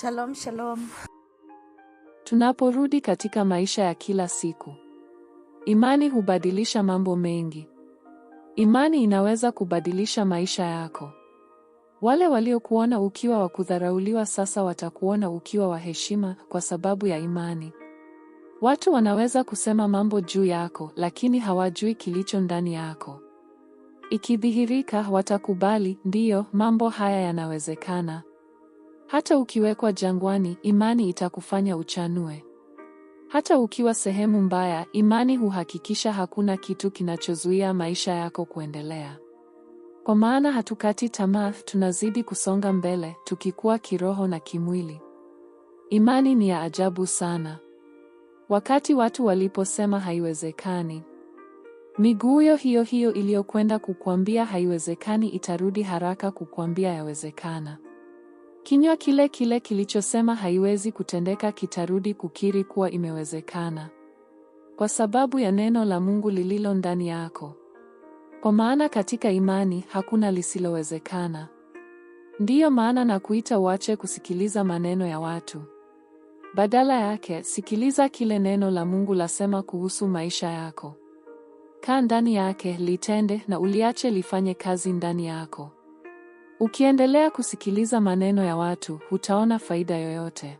Shalom, shalom. Tunaporudi katika maisha ya kila siku, imani hubadilisha mambo mengi. Imani inaweza kubadilisha maisha yako. Wale waliokuona ukiwa wa kudharauliwa sasa watakuona ukiwa wa heshima kwa sababu ya imani. Watu wanaweza kusema mambo juu yako, lakini hawajui kilicho ndani yako. Ikidhihirika, watakubali, ndiyo, mambo haya yanawezekana. Hata ukiwekwa jangwani, imani itakufanya uchanue. Hata ukiwa sehemu mbaya, imani huhakikisha hakuna kitu kinachozuia maisha yako kuendelea. Kwa maana hatukati tamaa, tunazidi kusonga mbele, tukikua kiroho na kimwili. Imani ni ya ajabu sana. Wakati watu waliposema haiwezekani, miguu hiyo hiyo hiyo iliyokwenda kukuambia haiwezekani itarudi haraka kukuambia yawezekana. Kinywa kile kile kilichosema haiwezi kutendeka kitarudi kukiri kuwa imewezekana, kwa sababu ya neno la Mungu lililo ndani yako. Kwa maana katika imani hakuna lisilowezekana. Ndiyo maana nakuita uache kusikiliza maneno ya watu. Badala yake, sikiliza kile neno la Mungu lasema kuhusu maisha yako. Kaa ndani yake, litende na uliache lifanye kazi ndani yako. Ukiendelea kusikiliza maneno ya watu, hutaona faida yoyote.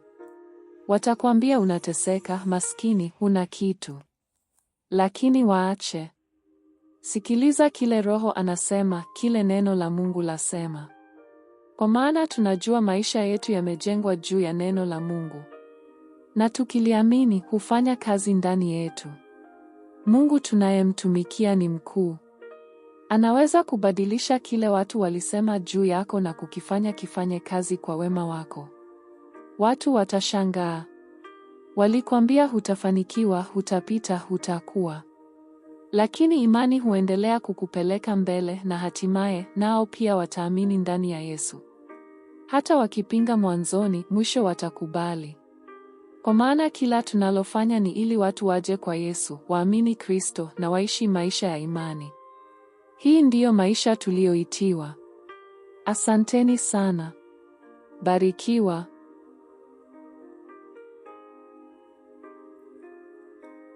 Watakwambia unateseka, maskini, huna kitu. Lakini waache. Sikiliza kile Roho anasema, kile neno la Mungu lasema. Kwa maana tunajua maisha yetu yamejengwa juu ya neno la Mungu. Na tukiliamini hufanya kazi ndani yetu. Mungu tunayemtumikia ni mkuu. Anaweza kubadilisha kile watu walisema juu yako na kukifanya kifanye kazi kwa wema wako. Watu watashangaa. Walikwambia hutafanikiwa, hutapita, hutakuwa. Lakini imani huendelea kukupeleka mbele na hatimaye nao pia wataamini ndani ya Yesu. Hata wakipinga mwanzoni, mwisho watakubali. Kwa maana kila tunalofanya ni ili watu waje kwa Yesu, waamini Kristo na waishi maisha ya imani. Hii ndiyo maisha tuliyoitiwa. Asanteni sana. Barikiwa.